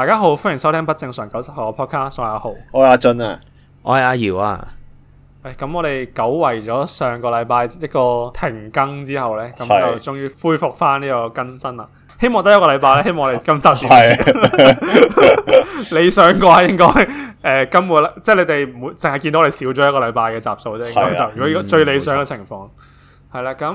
大家好，歡迎收聽不正常九十後 podcast。我係阿豪，我係阿俊啊，我係阿姚啊。誒，咁我哋久違咗上個禮拜一個停更之後咧，咁就終於恢復翻呢個更新啦。希望得一個禮拜咧，希望我哋今集理想嘅話，應該誒，今個即係你哋唔會淨係見到我哋少咗一個禮拜嘅集數啫。應該就如果最理想嘅情況係啦。咁誒，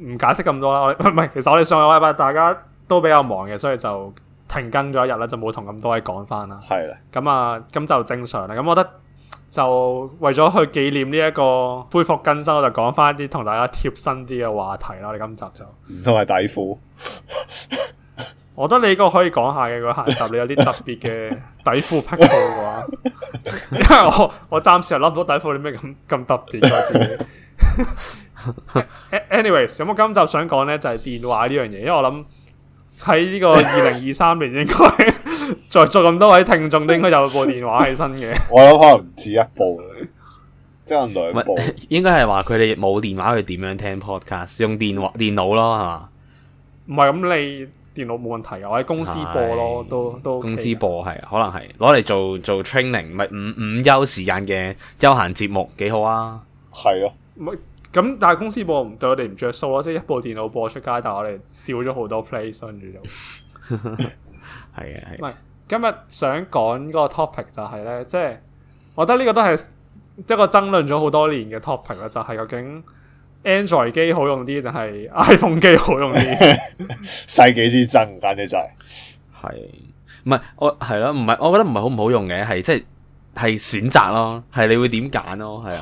唔解釋咁多啦。我唔係，其實我哋上個禮拜大家都比較忙嘅，所以就。停更咗一日咧，就冇同咁多位講翻啦。係啦，咁啊，咁就正常啦。咁我覺得就為咗去紀念呢一個恢復更新，我就講翻一啲同大家貼身啲嘅話題啦。你今集就唔通係底褲？ 我覺得你個可以講下嘅個下集你有啲特別嘅底褲匹配嘅話，因為我我暫時又諗唔到底褲有咩咁咁特別。Anyways，咁我今集想講咧就係電話呢樣嘢，因為我諗。喺呢個二零二三年，應該再做咁多位聽眾，都應該有部電話喺身嘅。 我諗可能唔止一部，即係兩部。應該係話佢哋冇電話，佢點樣聽 podcast？用電話、電腦咯，係嘛？唔係咁，你電腦冇問題啊，我喺公司播咯，的都都、OK、公司播係，可能係攞嚟做做 training，咪午午休時間嘅休閒節目，幾好啊。係咯的，咁、嗯、但係公司播唔對我哋唔着數咯，即係一部電腦播出街，但係我哋少咗好多 place 跟住就係啊係。唔係今日想講呢個 topic 就係咧，即係我覺得呢個都係一個爭論咗好多年嘅 topic 啦，就係究竟 Android 機好用啲，定係 iPhone 機好用啲？ 世紀之爭，簡直就係係唔係我係啦，唔係我覺得唔係好唔好用嘅，係即係係選擇咯，係你會點揀咯，係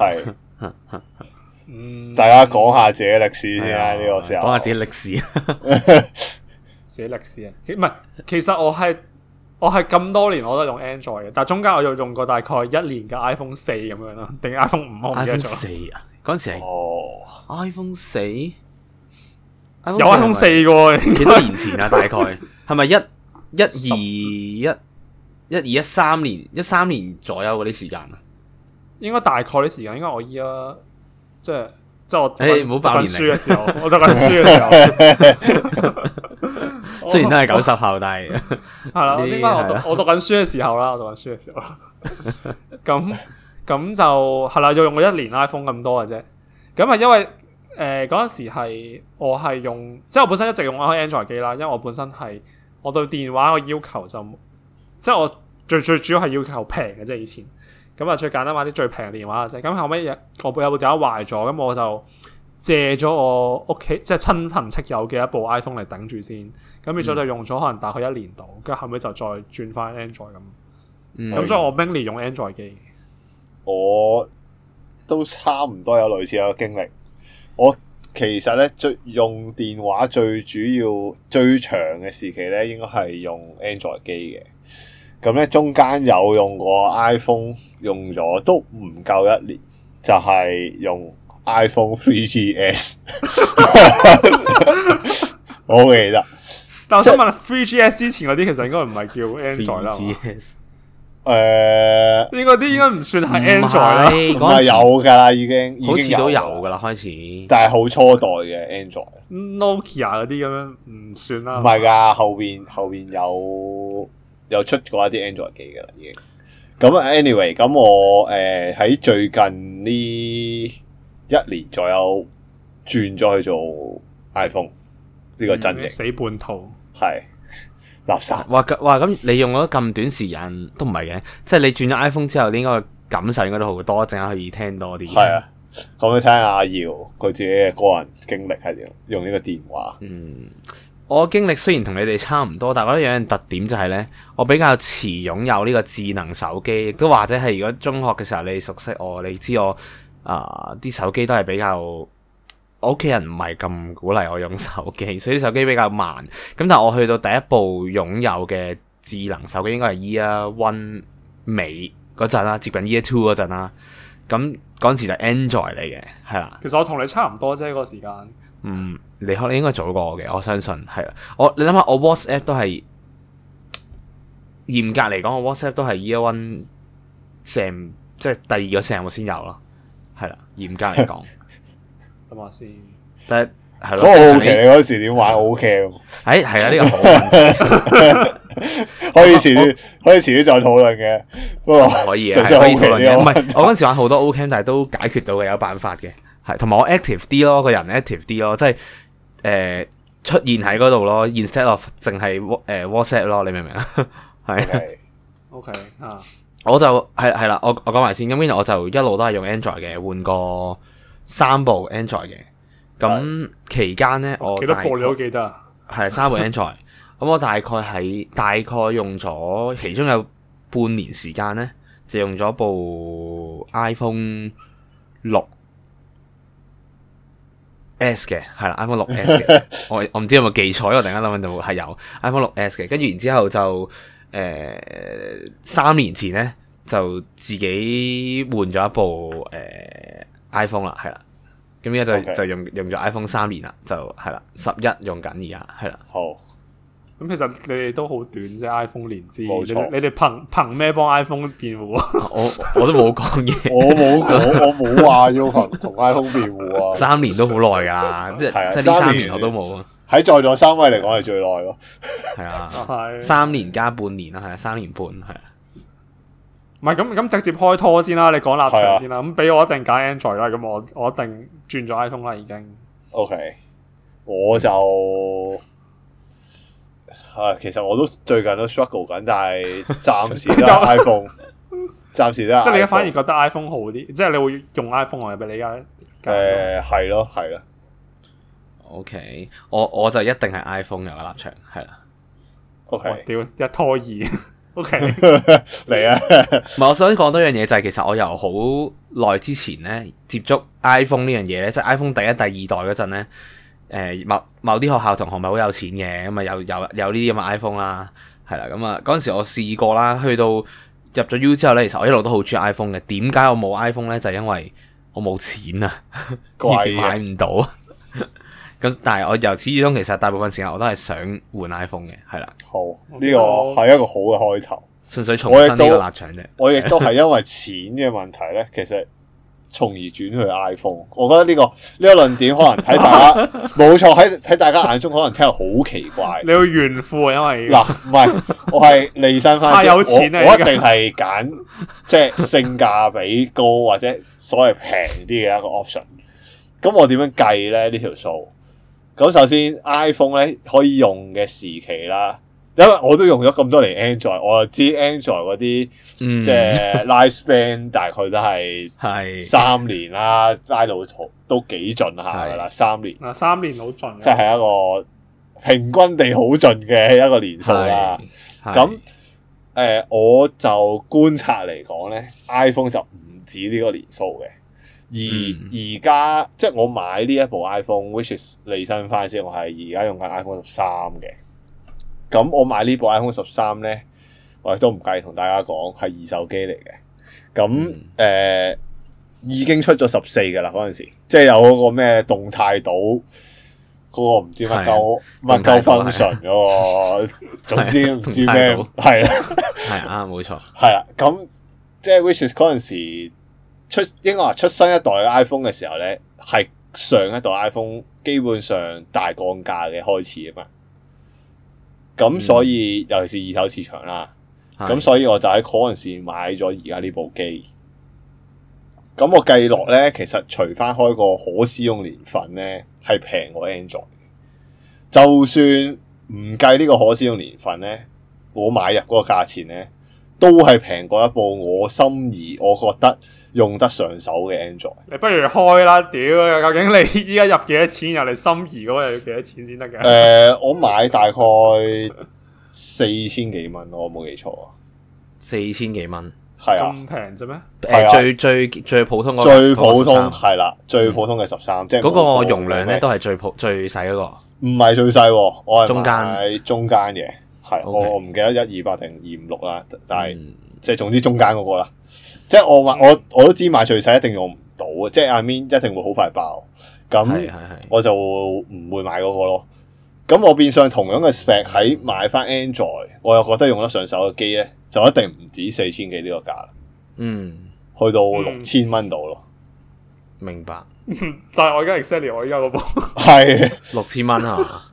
啊。係 嗯，大家講下自己歷史先啊！呢、哎、呀個時候講下自己歷史啊，寫歷 史啊，其唔係，其實我係我係咁多年我都用 Android 嘅，但係中間我就用過大概一年嘅 iPhone 四咁樣咯，定 iPhone 五我唔記得咗。四啊，陣時係哦，iPhone 四，有 iPhone 四嘅，幾多年前啊？ 大概係咪一一二一一二一三年一三年左右嗰啲時間啊？ 應該大概啲時間，應該我依家。即係即係我誒，唔好爆年齡，我讀緊書嘅時候， 雖然都係九十後，我 但係係啦。我讀我讀緊書嘅時候啦，我讀緊書嘅時候啦。咁咁 就係啦，要用過一年 iPhone 咁多嘅啫。咁係因為誒，嗰陣時係我係用，即係我本身一直用開 Android 機啦，因為我本身係我對電話個要求就即係我最最主要係要求平嘅，即係，以前。咁啊，最簡單買啲最平嘅電話先。咁後尾，我部有部電話壞咗，咁我就借咗我屋企即係親朋戚友嘅一部 iPhone 嚟頂住先。咁變咗就用咗可能大概一年度，跟住後尾就再轉翻 Android 咁、嗯。咁所以我，我 mini 用 Android 機，我都差唔多有類似嘅經歷。我其實咧最用電話最主要最長嘅時期咧，應該係用 Android 機嘅。咁咧，中間有用過 iPhone，用咗都唔夠一年，就係、是、用 iPhone 3GS，O.K. 我記得，但我想問即，3GS 之前嗰啲其實應該唔係叫 Android And roid, 啦。3GS，誒時，呢啲應該唔算係 Android，唔係有噶啦，已經，已經都有噶啦，開始，但係好初代嘅 Android，Nokia 嗰啲咁樣唔算啦，唔係噶，後邊後邊有。有出過一啲 Android 機噶啦，已經。咁 Anyway，咁我誒喺、呃、最近呢一年左右轉咗去做 iPhone 呢個陣營，嗯，死半套係垃圾。哇哇咁，哇你用咗咁短時間都唔係嘅，即係你轉咗 iPhone 之後，你應該感受應該都好多，一陣可以聽多啲。係啊，咁你聽下阿耀佢自己嘅個人經歷，係點用呢個電話，嗯。我經歷雖然同你哋差唔多，但係我都有一樣特點就係咧，我比較遲擁有呢個智能手機，亦都或者係如果中學嘅時候你熟悉我，你知我啊啲、呃、手機都係比較，我屋企人唔係咁鼓勵我用手機，所以手機比較慢。咁但係我去到第一部擁有嘅智能手機應該係 year one 尾嗰陣啦，接近 year two 嗰陣啦，咁嗰陣時就 Android 嚟嘅，係啦。其實我同你差唔多啫，嗰個時間。嗯。你可，你應該早過我嘅，我相信係啦。我你諗下，我 WhatsApp 都係嚴格嚟講，我 WhatsApp 都係 Evan 成，即係第二個成我先有咯，係啦。嚴格嚟講，諗下先。得係咯。所以我好奇你嗰時點玩 OK？哎，係啊，呢個好。可以遲啲，可以遲啲再討論嘅。不過可以啊，可以討論嘅。唔係，我嗰時玩好多 OK，但係都解決到嘅，有辦法嘅。係同埋我 active 啲咯，個人 active 啲咯，即係。誒、呃、出現喺嗰度咯，instead of 淨係誒、呃、WhatsApp 咯，你明唔明啊？係 ，OK 啊 okay、uh.，我就係係啦，我我講埋先，咁跟我就一路都係用 Android 嘅，換過三部 Android 嘅，咁期間咧 Yeah. 我幾多部你都記得？係三部 Android，咁 我大概喺大概用咗，其中有半年時間咧，就用咗部 iPhone 六。S 嘅係啦，iPhone 六 S 嘅， 我有有我唔知有冇記錯，因為突然間諗緊就係有 iPhone 六 S 嘅，跟住然之後就誒三、呃、年前咧就自己換咗一部誒、呃、iPhone 啦，係啦，咁依家就 Okay. 就用用咗 iPhone 三年啦，就係啦，十一用緊而家係啦，好。咁其實你哋都好短啫，iPhone 年資。冇錯，你哋憑憑咩幫 iPhone 辯護啊？我我都冇講嘢，我冇，我我冇話要憑同 iPhone 辯護啊！三年都好耐噶啦，即係三年我都冇啊。喺在座三位嚟講係最耐咯，係啊，三年加半年啦，係啊，三年半係啊。唔係咁咁直接開拖先啦，你講立場先啦，咁俾我一定揀 Android 啦，咁我我一定轉咗 iPhone 啦，已經。OK，我就。係、啊，其實我都最近都 struggle 緊，但係暫時都 iPhone，暫 時都即係你反而覺得 iPhone 好啲，即係你會用 iPhone 啊？俾你而家，誒係咯，係啦。OK，我我就一定係 iPhone 有個立場，係啦。OK，屌一拖二。 OK，嚟 來啊！唔 係，我想講多樣嘢就係、是，其實我由好耐之前咧接觸 iPhone 呢樣嘢，即、就、係、是、iPhone 第一、第二代嗰陣咧。誒，某某啲學校同學咪好有錢嘅，咁咪有有有呢啲咁嘅 iPhone 啦，係啦，咁啊嗰陣時我試過啦，去到入咗 U 之後咧，其實我一路都好中意 iPhone 嘅。點解我冇 iPhone 咧？就係、是、因為我冇錢啊，以前的買唔到。咁但係我由始至終其實大部分時間我都係想換 iPhone 嘅，係啦。好，呢個係一個好嘅開頭，純粹重新呢個立場啫。我亦都係因為錢嘅問題咧， 其實。從而轉去 iPhone，我覺得呢個呢個論點可能喺大家冇錯，喺喺大家眼中可能聽到好奇怪，你要炫富。因為嗱，唔係我係利身翻，太有錢我，我一定係揀 即係性價比高或者所謂平啲嘅一個 option。咁我點樣計咧呢條數？咁首先 iPhone 咧，可以用嘅時期啦。因為我都用咗咁多年 Android，我就知 Android 嗰啲即係、嗯、life span 大概都係係三年啦，是拉到都都幾盡下噶啦，三是年。嗱、啊，三年好盡，即係一個平均地好盡嘅一個年數啦。咁誒、呃，我就觀察嚟講咧，iPhone 就唔止呢個年數嘅。而而家、嗯、即係我買呢一部 iPhone，which is 最新翻先，我係而家用緊 iPhone 十三嘅。咁我買部13呢部 iPhone 十三咧，我亦都唔介意同大家講係二手機嚟嘅。咁誒、嗯呃，已經出咗十四噶啦，嗰、那、陣、個、時即係有嗰個咩動態島，嗰、那個唔知乜鳩乜鳩 function 嗰個，總之唔知咩，係啦，係啱的，冇錯， 係啦。咁即係 which 是嗰陣、那個、時出，應該話出新一代 iPhone 嘅時候咧，係上一代 iPhone 基本上大降價嘅開始啊嘛。咁、嗯、所以尤其是二手市場啦，咁的所以我就喺嗰陣時買咗而家呢部機。咁我計落咧，其實除翻開個可使用年份咧，係平過 Android。就算唔計呢個可使用年份咧，我買入嗰個價錢咧，都係平過一部我心儀，我覺得。用得上手嘅 Android，你不如開啦！屌，究竟你依家入幾多錢入你心儀嗰個要幾多錢先得嘅？誒，我買大概四千幾蚊，我冇記錯啊，四千幾蚊係啊，咁平啫咩？誒，最最最普通嘅最普通係啦，最普通嘅十三，即係嗰個容量咧都係最普最細嗰個，唔係最細，我係中間，中間嘅係我我唔記得一二八定二五六啦，但係即係總之中間嗰個啦。即係我買我我都知買最細一定用唔到啊！即係阿 m e n 一定會好快爆咁，我就唔會買嗰個咯。咁我變相同樣嘅 spec 喺買翻 Android，我又覺得用得上手嘅機咧，就一定唔止四千幾呢個價啦。嗯，去到六千蚊到咯。明白。 就係我而家 Excel，我而家嗰部係六千蚊啊！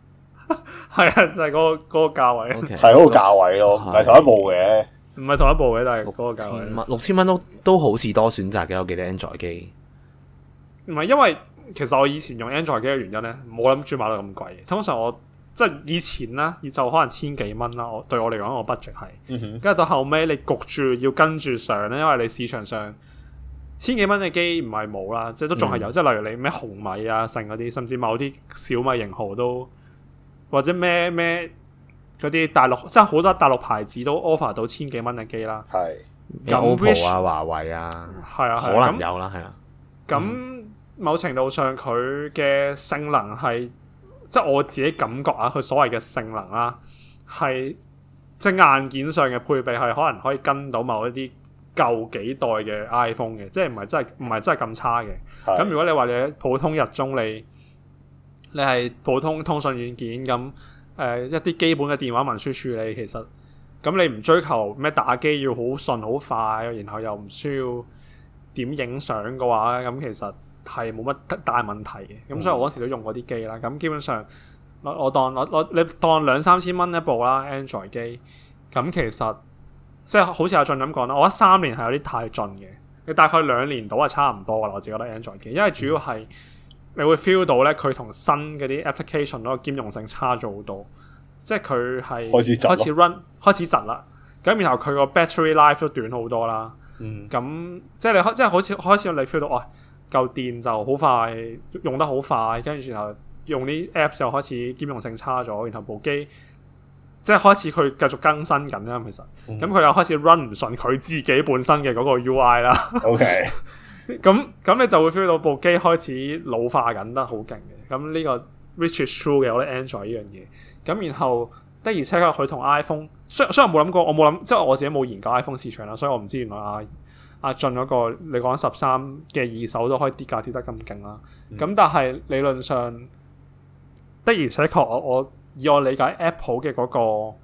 係 啊，就係、是、嗰、那個嗰、那個價位，係嗰 Okay, 個價位咯，係第、那個、一部嘅。唔係同一部嘅，但係嗰個價位，六千蚊都都好似多選擇嘅。我記得 Android 機，唔係因為其實我以前用 Android 機嘅原因咧，冇諗住買到咁貴。通常我即係以前啦，就可能千幾蚊啦。我對我嚟講，我 budget 係，跟住到後尾你焗住要跟住上咧，因為你市場上千幾蚊嘅機唔係冇啦，即係都仲係有。嗯、即係例如你咩紅米啊、神嗰啲，甚至某啲小米型號都或者咩咩。嗰啲大陸即係好多大陸牌子都 offer 到千幾蚊嘅機啦，咁 OPPO 啊、華為啊，係啊，可能有啦，係啊那。咁、嗯、某程度上佢嘅性能係，即係我自己感覺啊，佢所謂嘅性能啦、啊，係即係硬件上嘅配備係可能可以跟到某一啲舊幾代嘅 iPhone 嘅，即係唔係真係唔係真係咁差嘅。咁是如果你話你普通日中你是你係普通通訊軟件咁。誒、呃、一啲基本嘅電話文書處理其實，咁你唔追求咩打機要好順好快，然後又唔需要點影相嘅話咧，咁其實係冇乜大問題嘅。咁所以我嗰時都用過啲機啦。咁、嗯、基本上我我當我我你當兩三千蚊一部啦 Android 機，咁其實即係好似阿俊咁講啦，我覺得三年係有啲太盡嘅。你大概兩年度係差唔多嘅啦。我自己覺得 Android 機，因為主要係。嗯嗯你會 feel 到咧，佢同新嗰啲 application 嗰個兼容性差咗好多，即係佢係開始開始 run，開始窒啦。咁然後佢個 battery life 都短好多啦。咁即係你開，即係開始開始，你 feel 到，哦、哎，夠電就好快用得好快，跟住然後用啲 apps 又開始兼容性差咗，然後部機即係開始佢繼續更新緊啦。其實，咁佢、嗯、又開始 run 唔順佢自己本身嘅嗰個 UI 啦。OK。咁咁你就會 feel 到部機開始老化緊得好勁嘅，咁呢，這個 which is true 嘅，我覺得 Android 呢樣嘢。咁然後的而且確佢同 iPhone 雖雖然冇諗過，我冇諗即係我自己冇研究 iPhone 市場啦，所以我唔、就是、知原來阿、啊、阿、啊、進嗰、那個你講十三嘅二手都可以跌價跌得咁勁啦，咁、嗯、但係理論上的而且確我我以我理解 Apple 嘅嗰、那個。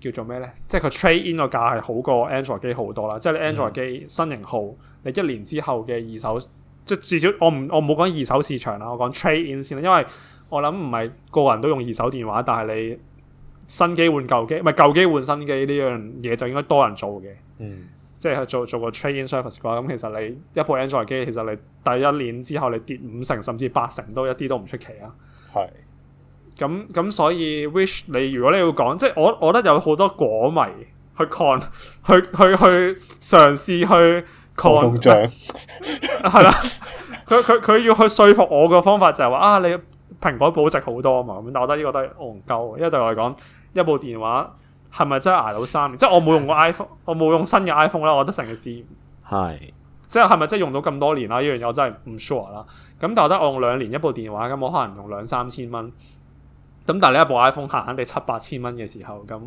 叫做咩咧？即係佢 trade in 個價係好過 Android 機好多啦。即係你 Android 機，嗯、新型號，你一年之後嘅二手，即至少我唔我冇講二手市場啦。我講 trade in 先啦。因為我諗唔係個人都用二手電話，但係你新機換舊機，唔係舊機換新機呢樣嘢就應該多人做嘅。嗯，即係做做個 trade in service 嘅話，咁其實你一部 Android 機，其實你第一年之後你跌五成甚至八成都一啲都唔出奇啊。係。咁咁、嗯嗯、所以 wish 你如果你要講，即係我，我覺得有好多果迷去 con 去去去嘗試去 con 中獎係啦，佢佢佢要去說服我嘅方法就係話啊，你蘋果保值好多啊嘛，咁但我覺得呢個都係戇鳩，因為對我嚟講，一部電話係咪真係挨到三年？即係我冇用過 iPhone，我冇用新嘅 iPhone 啦，我覺得成件事驗，係，即係係咪真係用到咁多年啦、啊？呢樣嘢我真係唔 sure 啦。咁但係我覺得我用兩年一部電話，咁我可能用兩三千蚊。咁但係呢一部 iPhone 慳肯定七八千蚊嘅時候，咁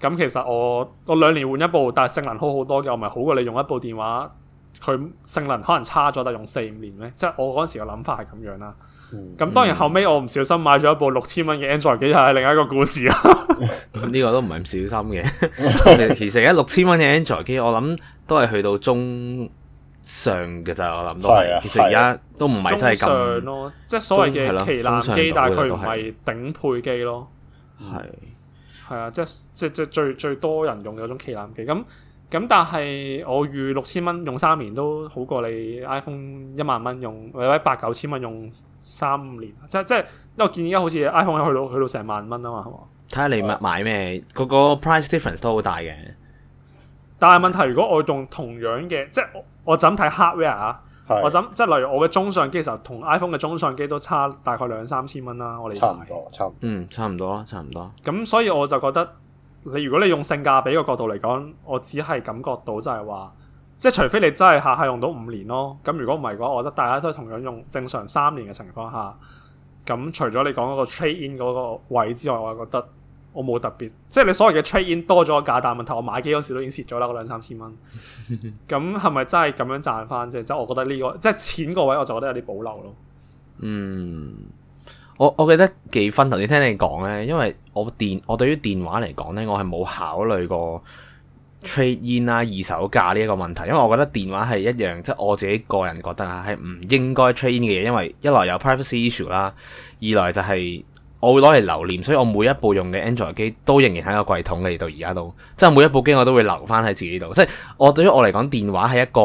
咁其實我我兩年換一部，但係性能好好多嘅，我咪好過你用一部電話，佢性能可能差咗，但用四五年咧，即係我嗰陣時嘅諗法係咁樣啦。咁當然後尾我唔小心買咗一部六千蚊嘅 Android 機，嗯、又係另一個故事啦。呢、嗯、 個都唔係咁小心嘅， 其實而家六千蚊嘅 Android 機，我諗都係去到中。上嘅，就我諗都係，其實而家都唔係真係咁上咯，即係所謂嘅旗艦機，但係佢唔係頂配機咯。係係啊，即係即係最最，最多人用嗰種旗艦機。咁咁但係我預六千蚊用三年都好過你 iPhone 一萬蚊用或者八九千蚊用三年。即係即係，因為我見而家好似 iPhone 去到去到成萬蚊啊嘛。係嘛，睇下你買咩，嗰個 price difference 都好大嘅。但係問題如果我用同樣嘅，即係我咁睇 hardware 啊，是我咁即係例如我嘅中相機嘅時候，同 iPhone 嘅中相機都差大概兩三千蚊啦，我哋差唔多，差唔嗯，差唔多啦，差唔多。咁所以我就覺得，你如果你用性價比嘅角度嚟講，我只係感覺到就係話，即係除非你真係下下用到五年咯，咁如果唔係嘅話，我覺得大家都同樣用正常三年嘅情況下，咁除咗你講嗰個 trade in 嗰個位之外，我覺得。我冇特別，即係你所謂嘅 trade in 多咗個價，但問題我買機嗰時都已經蝕咗啦，嗰兩三千蚊，咁係咪真係咁樣賺翻啫？即係我覺得呢、這個即係錢個位，我就覺得有啲保留咯。嗯，我我記得幾分頭先聽你講咧，因為我電我對於電話嚟講咧，我係冇考慮過 trade in 啦二手價呢一個問題，因為我覺得電話係一樣，即係我自己個人覺得係唔應該 trade in 嘅嘢，因為一來有 privacy issue 啦，二來就係、是。我會攞嚟留念，所以我每一部用嘅 Android 機都仍然喺個櫃桶嚟到而家都，即係每一部機我都會留翻喺自己度。即係我對於我嚟講，電話係一個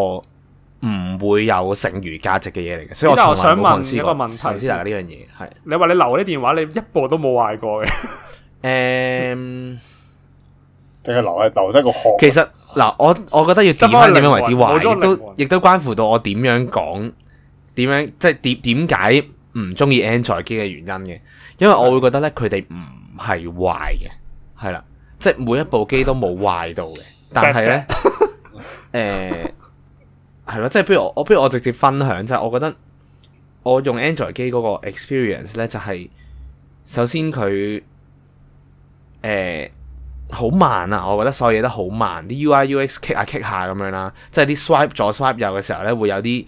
唔會有剩餘價值嘅嘢嚟嘅。所以我，我想問一個問題先，其實呢樣嘢係你話你留啲電話，你一部都冇壞過嘅。誒，淨係留係留得個殼。其實嗱，我我覺得要點樣點樣為之壞，都亦都關乎到我點樣講，點樣，樣即係點點解。唔中意 Android 機嘅原因嘅，因為我會覺得咧佢哋唔係壞嘅，係啦，即係每一部機都冇壞到嘅， 但係咧，誒、 呃，係咯，即係不如我，不如我直接分享啫，就是、我覺得我用 Android 機嗰個 experience 咧就係、是，首先佢誒好慢啊，我覺得所有嘢都好慢，啲 UI UX kick 下 kick 下咁樣啦，即係啲 swipe 左 swipe 右嘅時候咧會有啲。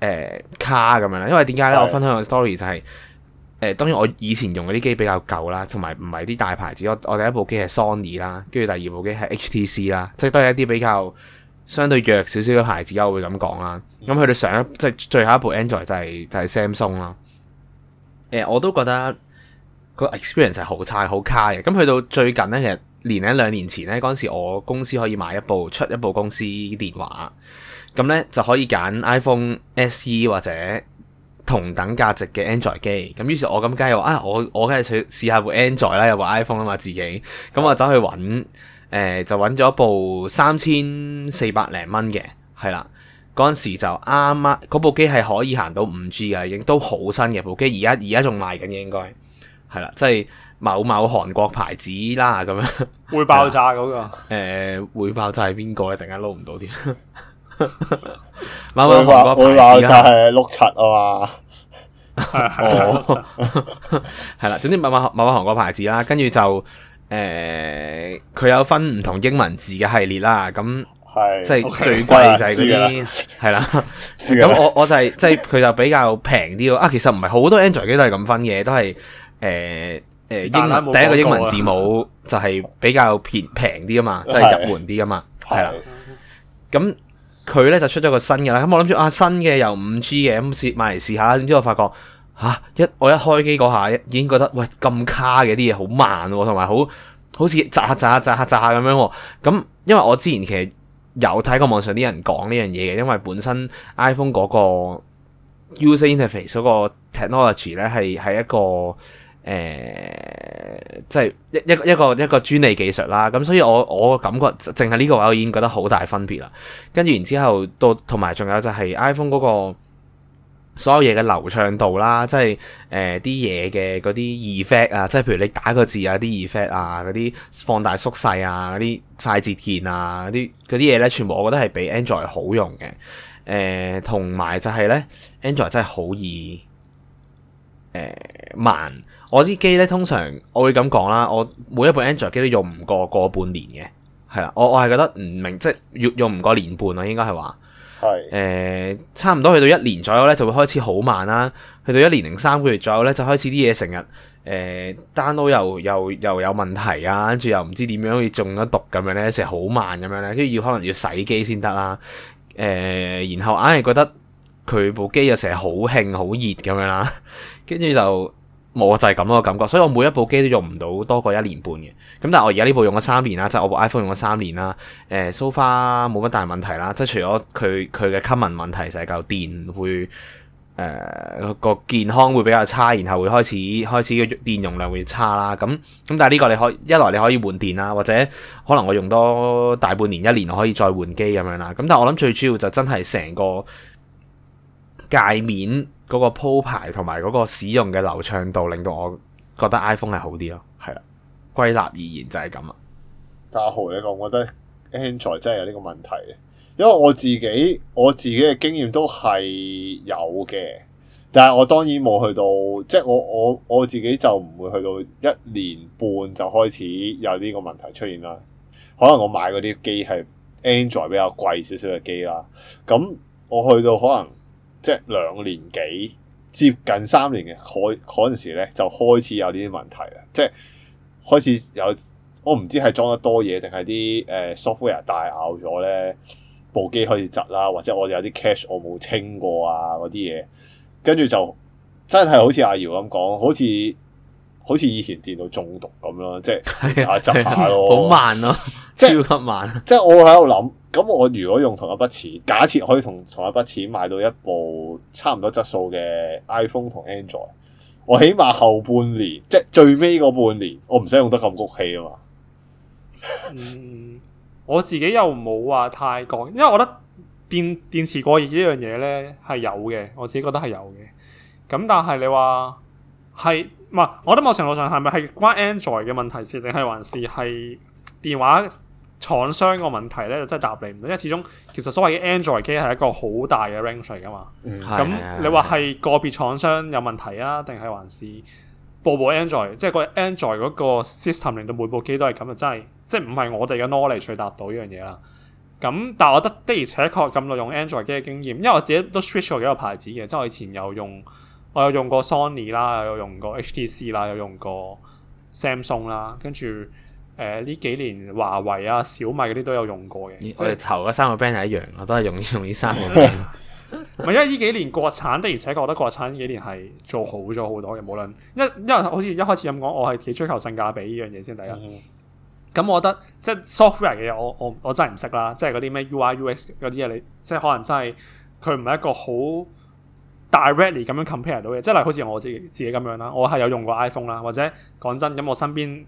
誒、呃、卡咁樣啦，因為點解咧？對 我分享個 story 就係、是，誒、呃，當然我以前用嗰啲機比較舊啦，同埋唔係啲大牌子。我我第一部機係 Sony 啦，跟住第二部機係 HTC 啦，即係都係一啲比較相對弱少少嘅牌子。我會咁講啦。咁佢哋上一即係最後一部 Android 就係、是、就係、是、Samsung 啦。誒、呃，我都覺得個 experience 係好差、好卡嘅。咁去到最近咧，其實連喺兩年前咧嗰陣時，我公司可以買一部出一部公司電話。咁咧就可以揀 iPhone SE 或者同等價值嘅 Android 機。咁於是我，我咁梗係話啊，我我梗係試試下部 Android 啦，又換 iPhone 啊嘛，自己。咁我走去揾誒、呃，就揾咗部三千四百零蚊嘅，係啦。嗰陣時就啱啱嗰部機係可以行到五 G 嘅，都好新嘅部機。而家而家仲賣緊嘅，應該係啦，即係某某韓國牌子啦，咁樣會、嗰個呃。會爆炸嗰個？誒會爆炸係邊個咧？突然間撈唔到啲。韓國牌子係六七啊嘛，係係係啦，總之韓國牌子啦，跟住就誒，佢有分唔同英文字嘅系列啦，咁即係最貴就係嗰啲係啦。咁我我就係即係佢就比較平啲咯啊，其實唔係好多 Android 機都係咁分嘅，都係誒誒英文第一個英文字母就係比較便平啲噶嘛，即係入門啲噶嘛，係啦咁。佢咧就出咗個新嘅啦，咁我諗住啊新嘅又五 G 嘅，咁試買嚟試下，點知我發覺吓、啊、一我一開機嗰下已經覺得喂，咁卡嘅，啲嘢好慢，同埋好好似窒下窒下窒下窒下窒下咁樣、啊。咁因為我之前其實有睇過網上啲人講呢樣嘢嘅，因為本身 iPhone 嗰個 user interface 嗰個 technology 咧係係一個。誒，即係一一個一個一個專利技術啦，咁所以我我感覺淨係呢個位，我已經覺得好大分別啦。跟住然之後，都同埋仲有就係 iPhone 嗰個所有嘢嘅流暢度啦，即係誒啲嘢嘅嗰啲 effect 啊，即係譬如你打個字啊，啲 effect 啊，嗰啲放大縮細啊，嗰啲快捷鍵啊，嗰啲啲嘢咧，全部我覺得係比 Android 好用嘅。誒、呃，同埋就係咧，Android 真係好易。慢，我啲機咧通常，我會咁講啦。我每一部 Android 機都用唔過個半年嘅，係啦。我我係覺得唔明，即係用用唔過年半啊，應該係話。係。誒，差唔多去到一年左右咧，就會開始好慢啦。去到一年零三個月左右咧，就開始啲嘢成日誒、呃、download 又又又，又有問題啊，跟住又唔知點樣好似中咗毒咁樣咧，成日好慢咁樣咧，跟住要可能要洗機先得啦。誒、呃，然後硬係覺得佢部機又成日好㗋好熱咁樣啦，跟住就。我就係咁樣嘅感覺，所以我每一部機都用唔到多過一年半嘅。咁但係我而家呢部用咗三年啦，即係我部 iPhone 用咗三年啦。誒、呃，so far 冇乜大問題啦，即係除咗佢佢嘅 common 問題，就係嚿電會誒個、呃、健康會比較差，然後會開始開始嘅電容量會差啦。咁咁但係呢個你可以一來你可以換電啦，或者可能我用多大半年一年可以再換機咁樣啦。咁但係我諗最主要就真係成個界面。嗰個鋪排同埋嗰個使用嘅流暢度，令到我覺得 iPhone 係好啲咯，係啦。歸納而言就係咁啊。但阿豪你講，我覺得 Android 真係有呢個問題，因為我自己我自己嘅經驗都係有嘅，但係我當然冇去到，即係我我我自己就唔會去到一年半就開始有呢個問題出現啦。可能我買嗰啲機係 Android 比較貴少少嘅機啦，咁我去到可能。即係兩年幾接近三年嘅開嗰陣時咧，就開始有呢啲問題啦。即係開始有，我唔知係裝得多嘢定係啲誒 software 大咬咗咧，部機開始窒啦，或者我有啲 cache 我冇清過啊嗰啲嘢，跟住就真係好似阿姚咁講，好似好似以前電腦中毒咁咯，即係窒 下，下咯，好 慢咯，啊，超級慢，啊即。即係我喺度諗。咁我如果用同一筆錢，假設可以同同一筆錢買到一部差唔多質素嘅 iPhone 同 Android，我起碼後半年，即最尾嗰半年，我唔使用，用得咁焗氣啊嘛。 嗯，我自己又冇話太講，因為我覺得電電池過熱呢樣嘢咧係有嘅，我自己覺得係有嘅。咁但係你話係唔係？我覺得某程度上係咪係關 Android 嘅問題先，定係還是係電話？廠商個問題咧，就真係答你唔到，因為始終其實所謂嘅 Android 機係一個好大嘅 range 嚟噶嘛。咁你話係個別廠商有問題啊，定係還是，還是部部 Android，即係個 Android 嗰個 system 令到每部機都係咁啊，就真係即係唔係我哋嘅 knowledge 去答到呢樣嘢啦。咁但係我覺得的而且確咁耐用 Android 機嘅經驗，因為我自己都 switch 咗幾個牌子嘅，即係我以前有用，我有用過 Sony 啦，有用過 HTC 啦，有用過 Samsung 啦，跟住。誒，呢、呃、幾年華為啊、小米嗰啲都有用過嘅。呃、我哋頭嗰三個 brand 係一樣，我都係用用呢三個 brand 係 因為呢幾年國產的，而且覺得國產呢幾年係做好咗好多嘅。無論一因為好似一開始咁講，我係追求性價比呢樣嘢先第一。咁、嗯嗯嗯嗯、我覺得即係 software 嘅嘢，我我我真係唔識啦。即係嗰啲咩 UI、UX 嗰啲嘢，你即係可能真係佢唔係一個好 directly 咁樣 compare 到嘅。即係例如好似我自己自己咁樣啦，我係有用過 iPhone 啦，或者講真咁，我身邊。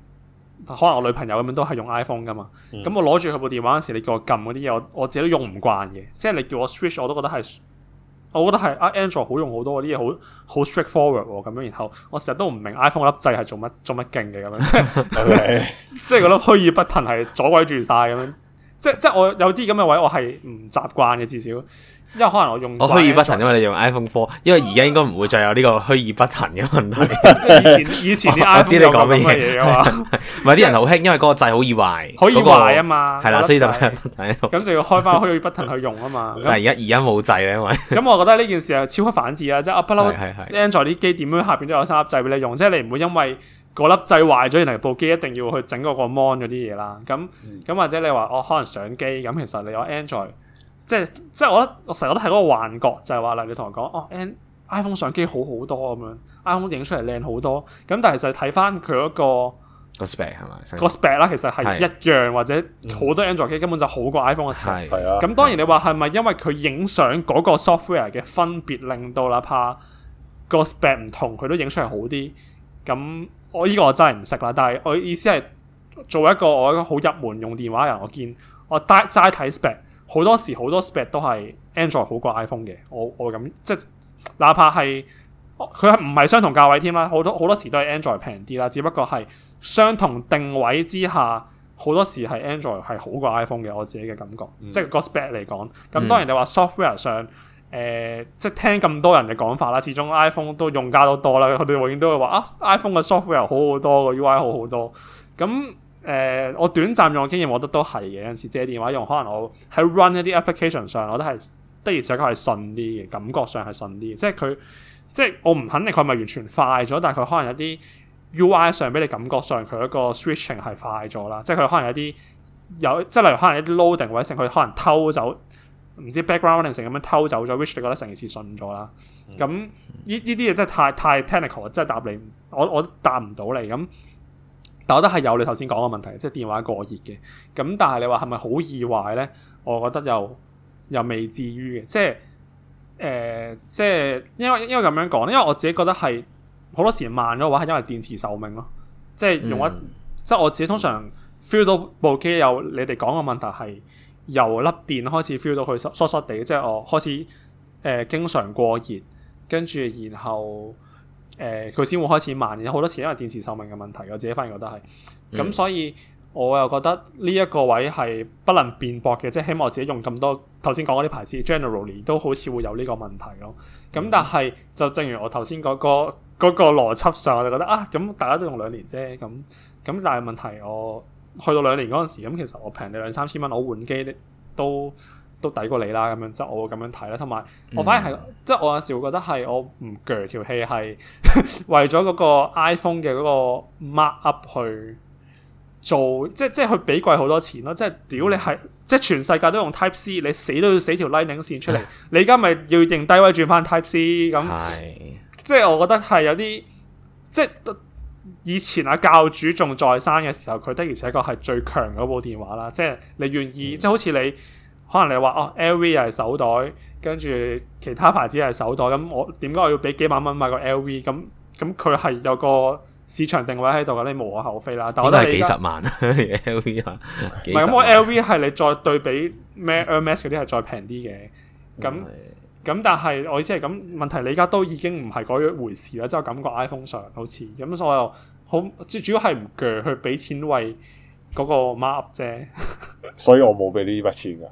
可能我女朋友咁樣都係用 iPhone 噶嘛，咁、嗯、我攞住佢部電話嗰時，你叫我撳嗰啲嘢，我我自己都用唔慣嘅。即係你叫我 switch，我都覺得係，我覺得係啊 Android 好用好多，嗰啲嘢好好 straightforward 咁樣。然後我成日都唔明 iPhone 粒掣係做乜做乜勁嘅咁樣，即係即係嗰粒虛而不騰係阻鬼住晒咁樣。即係即係我有啲咁嘅位我，我係唔習慣嘅至少。因為可能我用我虛擬不行，因為你用 iPhone 4，因為而家應該唔會再有呢個虛擬不行嘅問題。即係以前以前啲 iPhone 我知你講乜嘢嘅唔係啲人好興，因為嗰個掣好易壞，可以壞啊嘛。係啦，所以就虛不咁就要開翻虛擬不行去用啊嘛。但係而家而家冇掣咧，因為咁我覺得呢件事係超級反智啊！即係不嬲，Android 啲機點樣下邊都有三粒掣俾你用，即係你唔會因為嗰粒掣壞咗，原嚟部機一定要去整嗰個 mon 嗰啲嘢啦。咁咁或者你話我可能上機咁，其實你有 Android。即係即係，我咧我成日都睇嗰個幻覺，就係話嗱，你同我講哦，iPhone 相機好好多咁樣，iPhone 影出嚟靚好多，咁但係就睇翻佢一個個 spec 係咪？個 spec 啦，其實係一樣或者好多 Android 機根本就好過 iPhone 嘅 spec 咁是、啊、當然你話係咪因為佢影相嗰個 software 嘅分別令到哪怕個 spec 唔同，佢都影出嚟好啲？咁我呢個我真係唔識啦。但係我意思係做一個我一個好入門用電話人，我見我齋齋睇 spec。好多時好多 spec 都係 Android 好過 iPhone 嘅，我我咁即哪怕係佢係唔係相同價位添啦，好多好多時都係 Android 平啲啦，只不過係相同定位之下，好多時係 Android 係好過 iPhone 嘅，我自己嘅感覺。嗯、即係個 spec 嚟講，咁當然你話 software 上，誒、呃、即係聽咁多人嘅講法啦，始終 iPhone 都用家都多啦，佢哋永遠都會話啊 iPhone 嘅 software 好好多，個 UI 好好多，咁。誒、呃，我短暫用嘅經驗，我覺得都係嘅。有陣時借電話用，可能我喺 run 一啲 application 上我，我都係的而且確係順啲嘅，感覺上係順啲嘅。即係佢，即係我唔肯定佢係咪完全快咗，但係佢可能有啲 UI 上俾你感覺上佢一個 switching 係快咗啦。即係佢可能有啲有，即係例如可能一啲 loading 或者成佢可能偷走唔知 backgrounding 咁樣偷走咗，which 你覺得成件事順咗啦。咁呢呢啲嘢真係太太 technical，真係答你，我我答唔到你咁。我覺得係有你頭先講嘅問題，即係電話過熱嘅。咁但係你話係咪好易壞咧？我覺得又又未至於嘅。即係誒、呃，即係因為因為咁樣講，因為我自己覺得係好多時慢咗嘅話係因為電池壽命咯。即係用一即係我自己通常 feel 到部機有你哋講嘅問題係由粒電開始 feel 到佢疏疏疏地，即係我開始誒、呃、經常過熱，跟住然後。誒佢先會開始慢，有好多時因為電池壽命嘅問題，我自己反而覺得係。咁、嗯、所以我又覺得呢一個位係不能辯駁嘅，即係希望我自己用咁多頭先講嗰啲牌子，generally 都好似會有呢個問題咯。咁但係就正如我頭先嗰個嗰、嗰個邏輯上，我就覺得啊，咁大家都用兩年啫，咁咁但係問題我去到兩年嗰陣時，咁其實我平你兩三千蚊，我換機都。都抵過你啦，咁樣即係我會咁樣睇啦。同埋我反而係、嗯、即係我有時會覺得係我唔鋸條氣係為咗嗰個 iPhone 嘅嗰個 mark up 去做，即係即係去畀貴好多錢咯。即係屌你係、嗯、即係全世界都用 Type C，你死都要死條 Lightning 線出嚟。啊、你而家咪要認低位轉翻 Type C 咁，是即係我覺得係有啲即係以前啊教主仲在生嘅時候，佢的而且確係最強嗰部電話啦。即係你願意，嗯、即係好似你。可能你話哦，LV 又係手袋，跟住其他牌子又係手袋，咁我點解我要俾幾萬蚊買個 LV？咁咁佢係有個市場定位喺度嘅，你無可厚非啦。但我都係幾十萬 LV 啊，唔係咁我 LV 係你再對比咩 Hermes 嗰啲係再平啲嘅，咁咁但係我意思係咁，問題你而家都已經唔係嗰一回事啦，即係感覺 iPhone 上好似咁，所以我又好即主要係唔鋸去俾錢為嗰個 mark up 啫，所以我冇俾呢筆錢噶。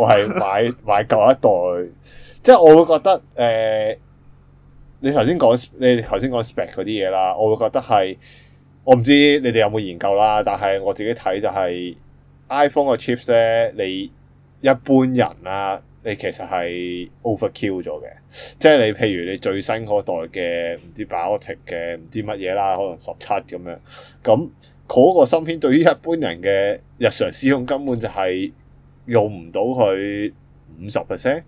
我係 買買舊一代，即係我會覺得誒、呃，你頭先講你頭先講 spec 嗰啲嘢啦，我會覺得係，我唔知你哋有冇研究啦，但係我自己睇就係、是、iPhone 嘅 chips 咧，你一般人啦、啊，你其實係 overkill 咗嘅，即係你譬如你最新嗰代嘅唔知 Bionic 嘅唔知乜嘢啦，可能十七咁樣，咁、那、嗰個芯片對於一般人嘅日常使用根本就係、是。用唔到佢五十 percent，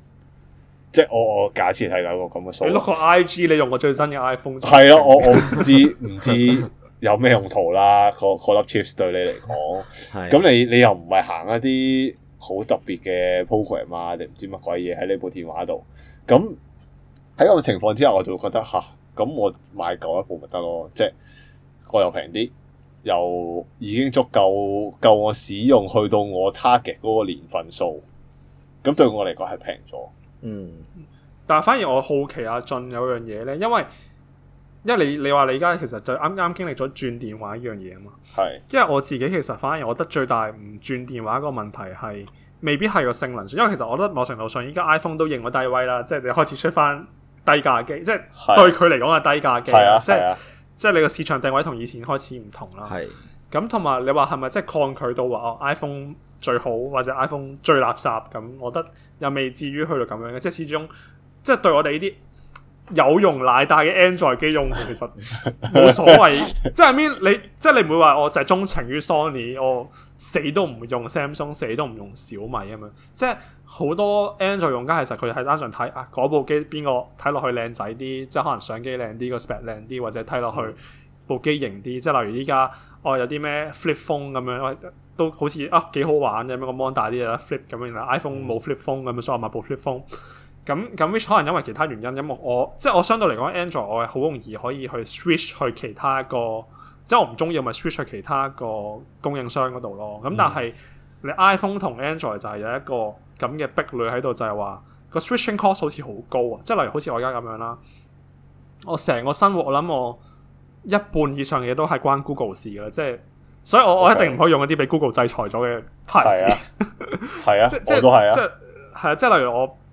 即係我我假設係有個咁嘅數。你碌個 I G，你用個最新嘅 iPhone。係啊，我我唔知唔 知有咩用途啦。嗰嗰粒 chips 對你嚟講，咁 的你你又唔係行一啲好特別嘅 program 啊？定唔知乜鬼嘢喺呢部電話度？咁喺咁嘅情況之下，我就會覺得吓，咁、啊、我買舊一部咪得咯，即係個又平啲。又已經足夠夠我使用，去到我 target 嗰個年份數，咁對我嚟講係平咗。嗯，但係反而我好奇阿俊有樣嘢咧，因為因為你你話你而家其實就啱啱經歷咗轉電話一樣嘢啊嘛。係是，因為我自己其實反而我覺得最大唔轉電話個問題係未必係個性能，因為其實我覺得某程度上依家 iPhone 都認咗低位啦，即係你開始出翻低價機，是即係對佢嚟講係低價機啊，即係是。即係你個市場定位同以前開始唔同啦，咁同埋你話係咪即係抗拒到話哦 iPhone 最好或者 iPhone 最垃圾？咁我覺得又未至於去到咁樣嘅，即係始終即係對我哋呢啲。有奶帶用奶帶嘅 Android 機用，其實冇所謂。 即係咪，你，你，即係你唔會話我就係鍾情於 Sony，我死都唔用 Samsung，死都唔用小米咁樣。即係好多 Android 用家，其實佢哋喺單純睇啊，嗰部機邊個睇落去靚仔啲，即係可能相機靚啲，個 spec 靚啲，或者睇落去部機型啲。即係例如依家哦，有啲咩 Flip Phone 咁樣，都好似啊幾好玩咁，那個，樣，個 mon 大啲啦，Flip 咁樣 iPhone 冇 Flip Phone 咁，嗯、所以我買部 Flip Phone。咁咁，which 可能因為其他原因，因為我即係我相對嚟講，Android 我係好容易可以去 switch 去其他一個，即係我唔中意，咪 switch 去其他一個供應商嗰度咯。咁但係你 iPhone 同 Android 就係有一個咁嘅壁壘喺度，就係話個 switching cost 好似好高啊！即係例如好似我而家咁樣啦，我成個生活我諗我一半以上嘅嘢都係關 Google 事嘅，即係所以我 Okay. 我一定唔可以用一啲俾 Google 制裁咗嘅牌子，係啊，即係我都係啊， 即係、啊、例如我。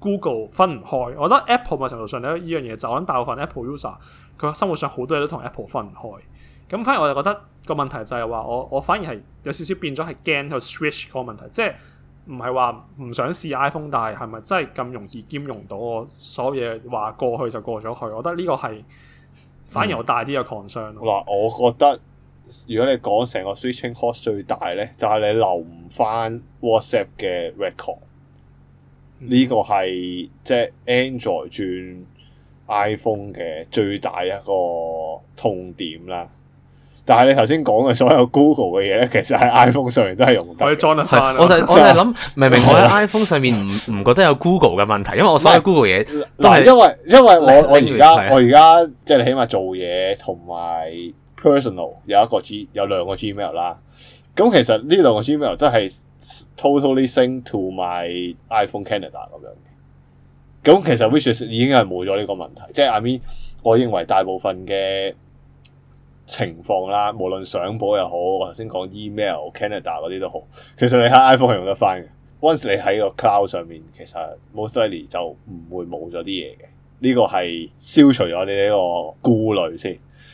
Google 分唔開，我覺得 Apple 某程度上咧，依樣嘢就我諗大部分 Apple user 佢生活上好多嘢都同 Apple 分唔開。咁反而我就覺得個問題就係話我我反而係有少少變咗，係驚去 switch 個問題，即係唔係話唔想試 iPhone，但係係咪真係咁容易兼容到我所有嘢？話過去就過咗去，我覺得呢個係反而我大啲嘅 concern 咯。嗱，我覺得如果你講成個 switching cost 最大咧，就係、是、你留唔翻 WhatsApp 嘅 record。呢個係即係 Android 轉 iPhone 嘅最大一個痛點啦。但係你頭先講嘅所有 Google 嘅嘢，其實喺 iPhone 上面都係用得我。我裝得翻我就我就諗明明，明、就係、我喺 iPhone 上面唔唔覺得有 Google 嘅問題，因為我所有 Google 嘢。嗱，因為因為我我而家我而家即你起碼做嘢同埋 personal 有一個 G 有兩個 Gmail 啦。咁其實呢兩個 Gmail 真係 totally sync to my iPhone Canada 咁樣嘅。咁其實 which is 已經係冇咗呢個問題。即係 I mean，我認為大部分嘅情況啦，無論相簿又好，我頭先講 email Canada 嗰啲都好。其實你喺 iPhone 係用得翻嘅。Once 你喺個 cloud 上面，其實 mostly 就唔會冇咗啲嘢嘅。呢、這個係消除咗你呢個顧慮先。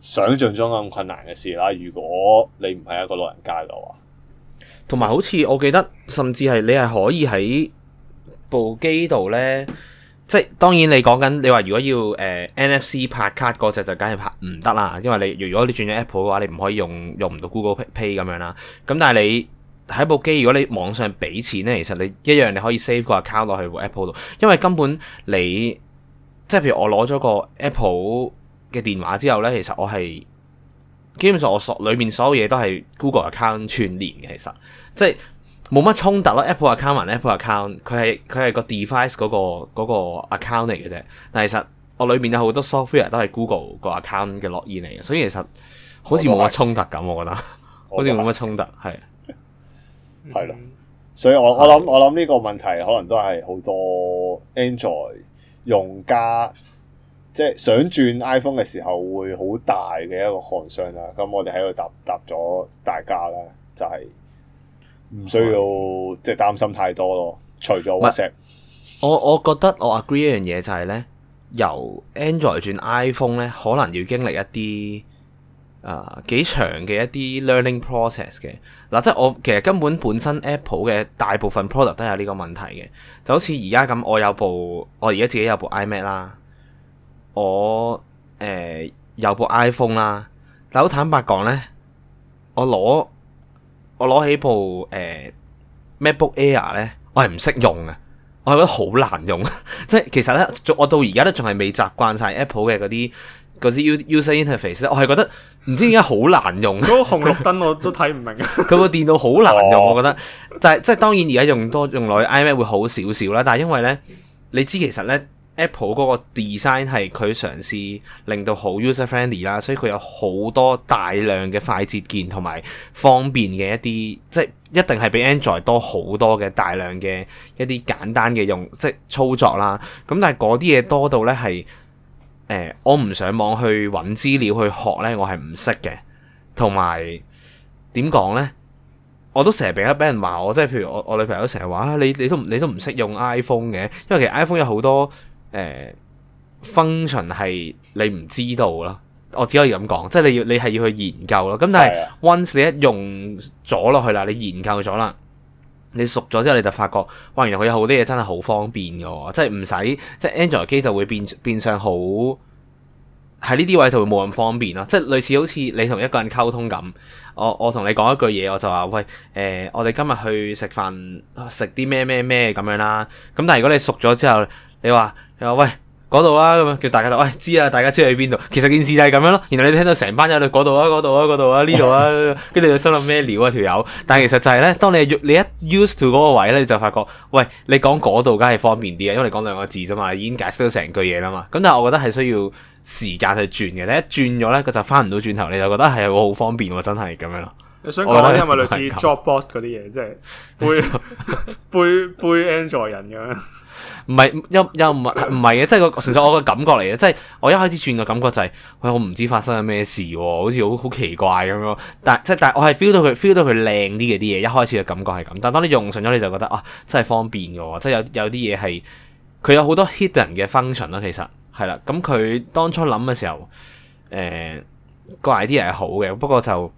想象中咁困難嘅事啦，如果你唔係一個老人家嘅話，同埋好似我記得，甚至係你係可以喺部機度咧，即係當然你講緊你話如果要誒、呃、NFC 拍卡嗰隻就梗係拍唔得啦，因為你如果你轉咗 Apple 嘅話，你唔可以用用唔到 Google Pay 咁樣啦。咁但係你喺部機，如果你網上俾錢咧，其實你一樣你可以 save 個 account 落去 Apple 度，因為根本你即係譬如我攞咗個 Apple。嘅電話之後咧，其實我係基本上我所裏面所有嘢都係 Google account 串聯嘅，其實即係冇乜衝突咯。Apple account 咧，Apple account 佢係佢係個 device 嗰個嗰個 account 嚟嘅啫，但係其實我裏面有好多 software 都係 Google 個 account 嘅 lock in 嚟嘅，所以其實好似冇乜衝突咁，我，我覺得好似冇乜衝突，係係咯。所以我、嗯、我諗我諗呢個問題可能都係好多 Android 用家。即係想轉 iPhone 嘅時候，會好大嘅一個寒霜啦。咁我哋喺度搭搭咗大家咧，就係、是、唔需要是即係擔心太多咯。除咗 WhatsApp 我我覺得我 agree 一樣嘢就係咧，由 Android 轉 iPhone 咧，可能要經歷一啲誒、呃、幾長嘅一啲 learning process 嘅嗱、呃。即係我其實根本本身 Apple 嘅大部分 product 都有呢個問題嘅，就好似而家咁，我有部我而家自己有部 iMac 啦。我誒、呃、有部 iPhone 啦，但係好坦白講咧，我攞我攞起部誒、呃、MacBook Air 咧，我係唔識用啊。我係覺得好難， 難， 難用，啊，即係其實咧，我到而家都仲係未習慣晒 Apple 嘅嗰啲嗰啲 user interface，我係覺得唔知點解好難用，嗰個紅綠燈我都睇唔明，啊。佢個電腦好難用，我覺得，但係即係當然而家用多用耐 iMac 會好少少啦，但係因為咧，你知其實咧。Apple 嗰個 design 係佢嘗試令到好 user friendly 啦，所以佢有好多大量嘅快捷鍵同埋方便嘅一啲，即係一定係比 Android 多好多嘅大量嘅一啲簡單嘅用即操作啦。咁但係嗰啲嘢多到咧係誒，我唔上網去揾資料去學咧，我係唔識嘅。同埋點講咧？我都成日俾一俾人話我，即係譬如我我女朋友成日話啊，你你都你都唔識用 iPhone 嘅，因為其實 iPhone 有好多。誒，function 係你唔知道咯，我只可以咁講，即係你要你係要去研究咯。咁但係的，once 你一用咗落去啦，你研究咗啦，你熟咗之後你就發覺，哇，原來佢有好多嘢真係好方便噶，即係唔使，即係 Android 機就會變變相好喺呢啲位就會冇咁方便咯。即係類似好似你同一個人溝通咁，我我同你講一句嘢，我就話喂，誒、呃，我哋今日去食飯，食啲咩咩咩咁樣啦。咁但係如果你熟咗之後，你話。又喂嗰度啊，咁啊叫大家就喂知啊，大家知去邊度？其實件事就係咁樣咯。然後你聽到成班友去嗰度啊，嗰度啊，度啊，呢度啊，跟住就心諗咩料啊條友。但係其實就係咧，當你你一 used to 嗰個位咧，你就發覺喂，你講嗰度梗係方便啲啊，因為你講兩個字啫嘛，已經解釋咗成句嘢啦嘛。咁但係我覺得係需要時間去轉嘅，你一轉咗咧，佢就翻唔到轉頭，你就覺得係會好方便喎，真係咁樣咯。你想講啲係咪類似 job box 嗰啲嘢，即係 背 背背 Android 人咁樣？唔係又又唔係唔係嘅，即係純粹我個感覺嚟嘅，即、就、係、是、我一開始轉嘅感覺就係、是哎，我唔知發生咗咩事、啊，好似好好奇怪咁樣。但即係、就是、但係我係 feel 到佢 feel 到佢靚啲嘅啲嘢，一開始嘅感覺係咁。但當你用上咗，你就覺得啊，真係方便嘅，即、就、係、是、有有啲嘢係佢有好多 hidden 嘅 function 啦、啊。其實係啦，咁佢當初諗嘅時候，誒、呃、個 idea 係好嘅，不過就。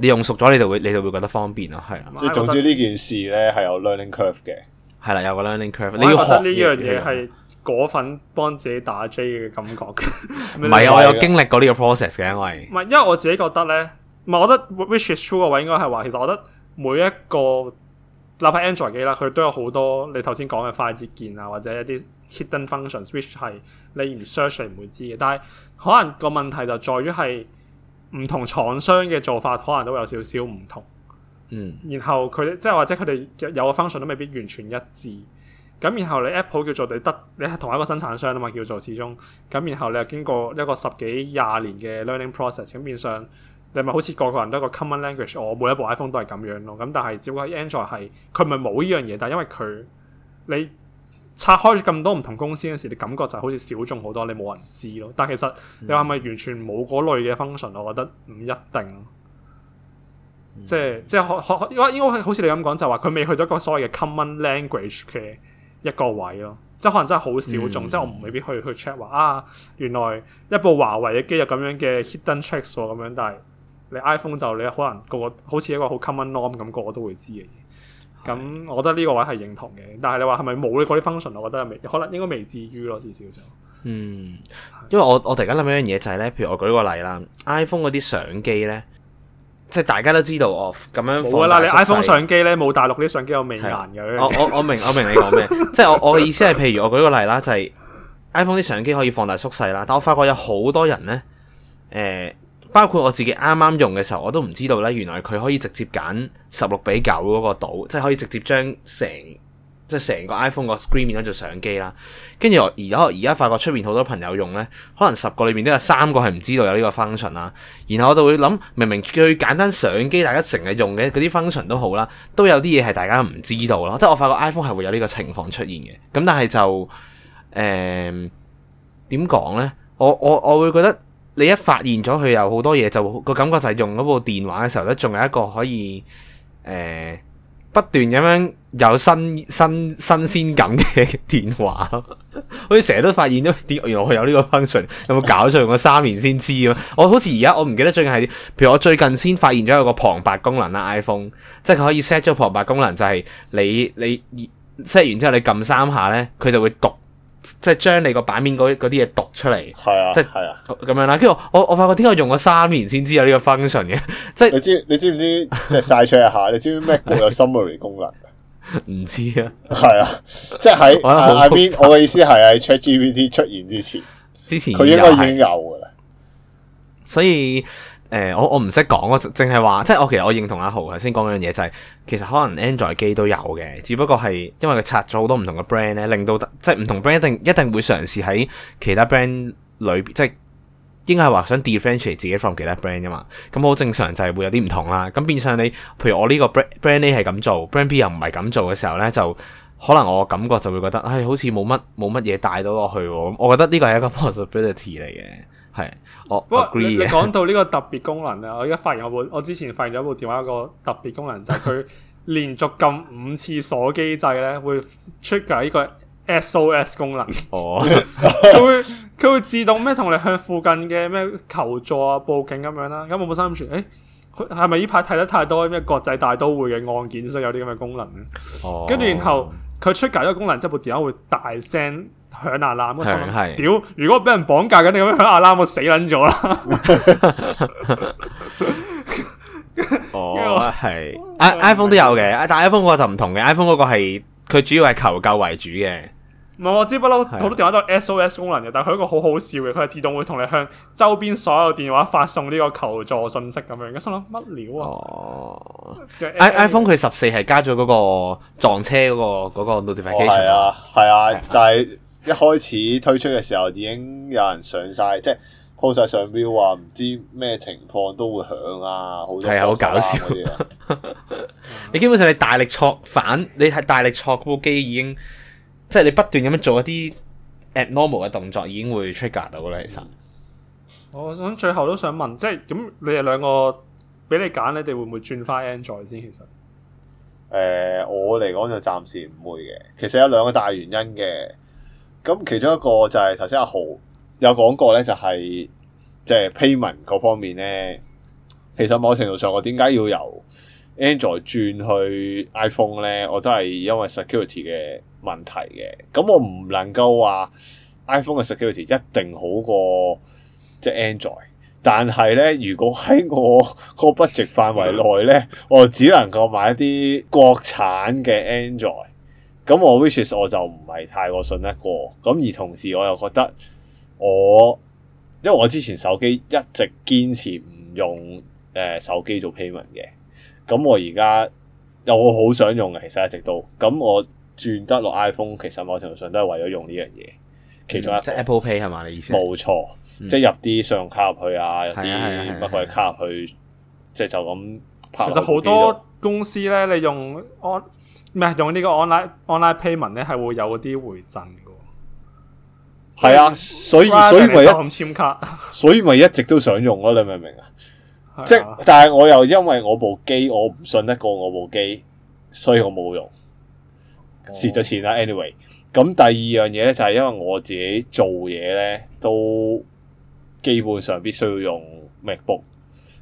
你用熟咗，你就會你就會覺得方便咯，係、啊。即係是總之呢件事咧，係有 learning curve 嘅。係啦、啊，有個 learning curve 是。你要學呢樣嘢係果份幫自己打 J 嘅感覺。唔 係是，啊、我有經歷過呢個 process 嘅，因係、啊。唔係，因為我自己覺得咧，唔係，我覺得 which is true 嘅話，應該係話其實我覺得每一個立牌 Android 機啦，佢都有好多你頭先講嘅快捷鍵啊，或者一啲 hidden functions，which 係你唔 search 你唔會知嘅。但係可能個問題就在於係。唔同廠商嘅做法可能都有少少唔同，嗯，然後佢即係或者佢哋有個 function 都未必完全一致，咁然後你 Apple 叫做你得你係同一個生產商啊嘛，叫做始終，咁然後你又經過一個十幾廿年嘅 learning process，咁變相你咪好似個個人都有一個 common language，我每一部 iPhone 都係咁樣咯，咁但係只不過 Android 係佢咪冇呢樣嘢，但係因為佢你。拆開咁多唔同公司嘅時，你感覺就好似小眾好多，你冇人知咯。但其實你話係咪完全冇嗰類嘅 function？我覺得唔一定。即係即係可可，應該好似你咁講就話佢未去到一個所謂嘅 common language 嘅一個位咯。即係可能真係好小眾，嗯、即係我唔未必去去 check 話啊。原來一部華為嘅機有咁樣嘅 hidden checks，咁樣，但係你 iPhone 就你可能個個好似一個好 common norm 咁個個都會知嘅。咁，我覺得呢個位係認同嘅，但係你話係咪冇嗰啲 function？我覺得未，可能應該未至於咯，至少就嗯，因為我我突然間諗一樣嘢就係、是、咧，譬如我舉個例啦，iPhone 嗰啲相機咧，即係大家都知道哦，咁樣冇啦，你 iPhone 相機咧冇大陸啲相機有美顏嘅。我我我明我明你講咩， 即係我我嘅意思係譬如我舉個例啦，就係、是、iPhone 啲相機可以放大縮細啦，但我發覺有好多人咧，誒、呃。包括我自己啱啱用嘅時候，我都唔知道呢，原來佢可以直接揀十六比九嗰個度，即係可以直接將成即係成個 iPhone 個 screen 變咗做相機啦。跟住我而可而家發覺出面好多朋友用呢，可能十個裏面都有三個係唔知道有呢個 function 啦。然後我就會諗，明明最簡單相機大家成日用嘅嗰啲 function 都好啦，都有啲嘢係大家唔知道咯。即係我發覺 iPhone 係會有呢個情況出現嘅。咁但係就誒點講呢？我我我會覺得。你一發現咗佢有好多嘢，就個感覺就係用嗰部電話嘅時候咧，仲有一個可以誒、呃、不斷咁樣有新新新鮮感嘅電話， 好似成日都發現咗點原來佢有呢個 function，有冇搞錯？我三年先知啊！我好似而家我唔記得最近係，譬如我最近先發現咗有個旁白功能啦，iPhone，即係佢可以 set 咗旁白功能，就係、是、你你 set 完之後你撳三下咧，佢就會讀。即係將你個版面嗰啲嘢讀出嚟，係啊，即係啊，咁樣啦。跟住我我發覺點解用咗三年先知有呢個 function 嘅，即係你知你知唔知即係晒 check 一下，你知唔知咩有 summary 功能？唔知啊，係啊，即係喺 I mean，我嘅意思係喺 ChatGPT 出現之前，之前佢應該已經有噶啦，所以。誒、呃，我我唔識講咯，淨係話，即係我其實我認同阿豪頭先講嘅樣嘢，就係、是、其實可能 Android 機都有嘅，只不過係因為佢拆咗好多唔同嘅 brand 咧，令到即係唔同 brand 一定一定會嘗試喺其他 brand 裏邊，即係應該係話想 differentiate 自己 from 其他 brand 噶嘛，咁好正常就係會有啲唔同啦。咁變相你，譬如我呢個 brand A 係咁做，brand B 又唔係咁做嘅時候咧，就可能我感覺就會覺得，唉、哎，好似冇乜冇乜嘢帶到落去。我覺得呢個係一個 possibility 嚟嘅。係，不過你講到呢個特別功能啊，我而家發現我部，我之前發現咗部電話一個特別功能，就係、是、佢連續撳五次鎖機制咧，會 trigger 呢個 SOS 功能。哦、oh. 佢會佢會自動咩同你向附近嘅咩求助啊、報警咁樣啦。咁我本身諗住，誒，係咪呢排睇得太多咩國際大都會嘅案件，所以有啲咁嘅功能跟住、oh. 然後佢 trigger 一個功能，即、就、係、是、部電話會大聲。響 alarm 嗰時，屌！如果俾人綁架緊，你咁樣響 alarm，我死撚咗啦！哦，係，iPhone 都有嘅，但 iPhone 個就唔同嘅，iPhone 嗰個係佢主要係求救為主嘅。唔係我知不嬲，好多電話都有 SOS 功能嘅，但係佢一個好好笑嘅，佢係自動會同你向周邊所有電話發送呢個求助信息咁樣。咁心諗乜料啊？iPhone 佢十四係加咗嗰個撞車嗰個嗰個 notification 啊，係啊，但係。一開始推出嘅時候，已經有人上晒，即係鋪晒上邊話唔知咩情況都會響啊，好多好、啊、搞笑。你基本上你大力挫反，你係大力挫部機已經，即係你不斷咁樣做一啲 abnormal 嘅動作，已經會 trigger 到啦。其實、嗯，我想最後都想問，即係咁你哋兩個俾你揀，你哋會唔會轉翻 Android 先？其實，誒、呃，我嚟講就暫時唔會嘅。其實有兩個大原因嘅。咁其中一個就係頭先阿豪有講過咧，就係即係 payment 嗰方面咧。其實某程度上，我點解要由 Android 轉去 iPhone 咧？我都係因為 security 嘅問題嘅。咁我唔能夠話 iPhone 嘅 security 一定好過即係 Android，但係咧，如果喺我個 budget 範圍內咧，我只能夠買一啲國產嘅 Android。咁我 Wishes 我就唔係太過信得過，咁而同時我又覺得我，因為我之前手機一直堅持唔用誒、呃、手機做 payment 嘅，咁我而家又好想用嘅，其實一直都，咁我轉得落 iPhone，其實某程度上都係為咗用呢樣嘢，其中一即 Apple Pay 係嘛？你意思？冇錯，即係錯、嗯、入啲信用卡入去啊，入啲乜鬼卡入去，即係就咁拍。其實好多。公司咧，你用安唔係用呢個 online online payment 咧，係會有啲回贈嘅。係啊，就所以 rather 所以咪一，簽卡，所以咪一， 一直都想用咯、啊。你明唔明啊？啊即係，但係我又因為我部機，我唔信得過我部機，所以我冇用蝕咗、哦、錢啦。Anyway，咁第二樣嘢咧，就係因為我自己做嘢咧，都基本上必須要用 MacBook。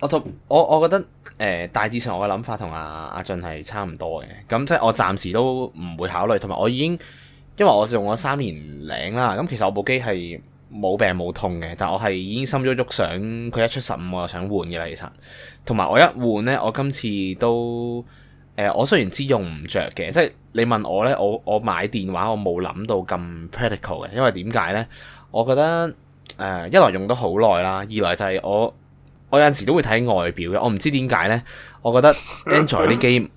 我就我我覺得誒、呃、大致上我嘅諗法同阿阿俊係差唔多嘅，咁即係我暫時都唔會考慮，同埋我已經因為我用咗三年零啦，咁其實我部機係冇病冇痛嘅，但係我係已經心喐喐想佢一出十五我就想換嘅啦，其實，同埋我一換咧，我今次都誒、呃、我雖然知用唔着嘅，即係你問我咧，我我買電話我冇諗到咁 practical 嘅，因為點解咧？我覺得誒、呃、一來用得好耐啦，二來就係我。我有陣時都會睇外表嘅，我唔知點解咧。我覺得 Android 啲機，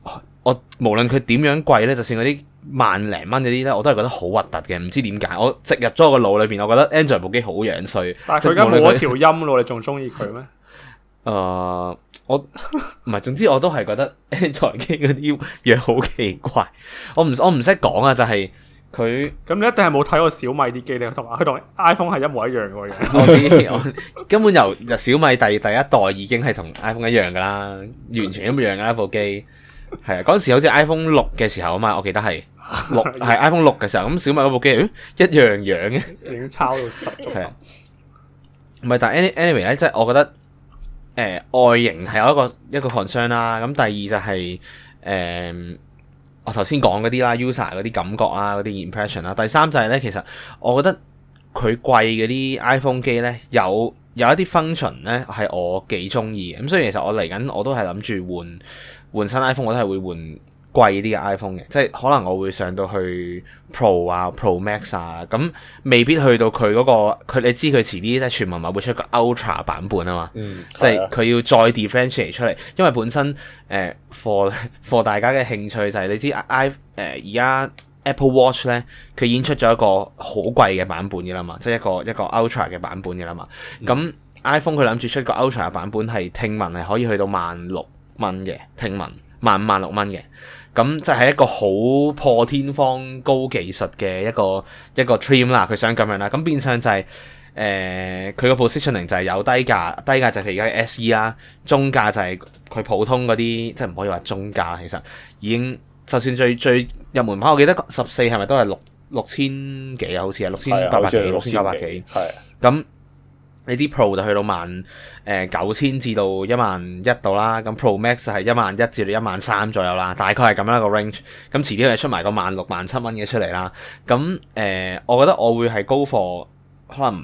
我無論佢點樣貴咧，就算嗰啲萬零蚊嗰啲咧，我都係覺得好核突嘅，唔知點解。我植入咗我個腦裏邊，我覺得 Android 部機好樣衰。但係佢而家冇咗條音咯， 你仲中意佢咩？誒、uh，我唔係，總之我都係覺得 Android 機嗰啲樣好奇怪，我唔我唔識講啊，就係、是。佢咁他你一定係冇睇過小米啲機咧，同埋佢同 iPhone 係一模一樣個樣。我知，我根本由由小米第第一代已經係同 iPhone 一樣噶啦，完全一,一樣嘅 iPhone 機係啊。嗰時好似 iPhone 六嘅時候啊嘛，我記得係六係 iPhone 六嘅時候。咁小米嗰部機，一,一樣樣嘅，已經抄到十足十 是。唔係， 但 anyway any 咧，即、就、係、是、我覺得誒、呃、外形係有一個一個 concern 啦。咁第二就係、是、誒。呃我頭先講嗰啲啦，user 嗰啲感覺啊，嗰啲 impression 啦。第三就係咧，其實我覺得佢貴嗰啲 iPhone 機咧，有有一啲 function 咧係我幾中意嘅。咁所以其實我嚟緊我都係諗住換換新 iPhone，我都係會換。貴啲嘅 iPhone 嘅，即係可能我會上到去 Pro 啊、Pro Max 啊，咁未必去到佢嗰、嗰個佢你知佢遲啲即係傳文話會出個 Ultra 版本啊嘛，即係佢要再 differentiate 出嚟，因為本身誒、呃、for for 大家嘅興趣就係、是、你知 i 誒、呃、而家 Apple Watch 咧，佢已經出咗一個好貴嘅版本嘅啦嘛，即係一個一個 Ultra 嘅版本嘅啦嘛，咁、嗯、iPhone 佢諗住出個 Ultra 版本係聽聞係可以去到萬六蚊嘅，聽聞萬五萬六蚊嘅。1, 5, 6, 咁就係一個好破天荒高技術嘅一個一個 trim 啦，佢想咁樣啦。咁變相就係、是、誒，佢、呃、個 positioning 就係有低價，低價就係佢而家嘅 SE 啦，中價就係佢普通嗰啲，即係唔可以話中價，其實已經就算最最入門牌，我記得十四係咪都係六六千幾啊？好似係六千八百幾，六千八百幾，係咁對。呢啲 Pro 就去到萬誒九千至到一萬一度啦，咁 Pro Max 就係一萬一至到一萬三左右啦，大概係咁樣一個 range 1, 6。咁遲啲又出埋個萬六萬七蚊嘅出嚟啦。咁、呃、誒，我覺得我會係高貨，可能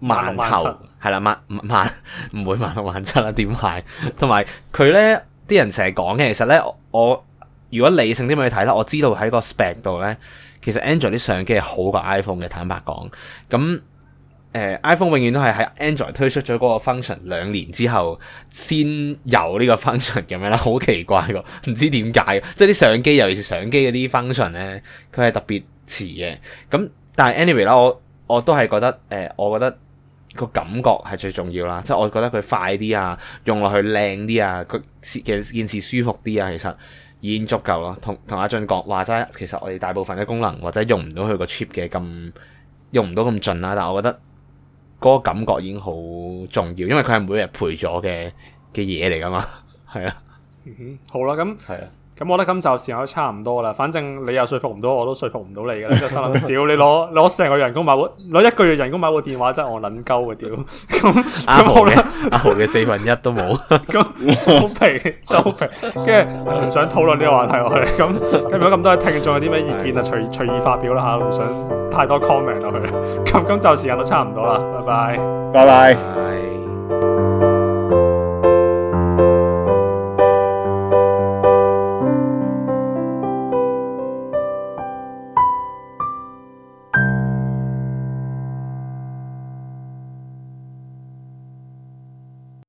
萬頭係啦，萬萬唔會萬六萬七啦。點解？同埋佢咧，啲人成日講嘅，其實咧，我如果理性啲去睇啦，我知道喺個 spec 度咧，其實 Android 啲相機係好過 iPhone 嘅，坦白講，咁。誒、uh，iPhone 永遠都係喺 Android 推出咗嗰個 function 兩年之後先有呢個 function 咁樣啦，好 奇怪㗎，唔知點解，即係啲相機，尤其是相機嗰啲 function 咧，佢係特別遲嘅。咁但係 anyway 啦，我我都係覺得，誒、呃，我覺得個感覺係最重要啦，即係我覺得佢快啲啊，用落去靚啲啊，佢其實件事舒服啲啊，其實已經足夠咯。同同阿俊講話齋，其實我哋大部分嘅功能或者用唔到佢個 chip 嘅，咁用唔到咁盡啦，但係我覺得。嗰個感覺已經好重要，因為佢係每日陪咗嘅嘅嘢嚟㗎嘛，係啊，嗯、好啦，咁係啊。咁我覺得咁就時間都差唔多啦，反正你又說服唔到，我都說服唔到你噶啦。就心諗，屌 你攞攞成個人工買部，攞一個月人工買部電話真係我捻鳩噶屌。咁阿豪咧？阿豪嘅四分一都冇。咁收皮收皮，跟住唔想討論呢個話題落去。咁有冇咁多位聽眾有啲咩意見啊？隨隨意發表啦吓，唔想太多 comment 落去。咁咁就時間都差唔多啦，拜拜，拜拜。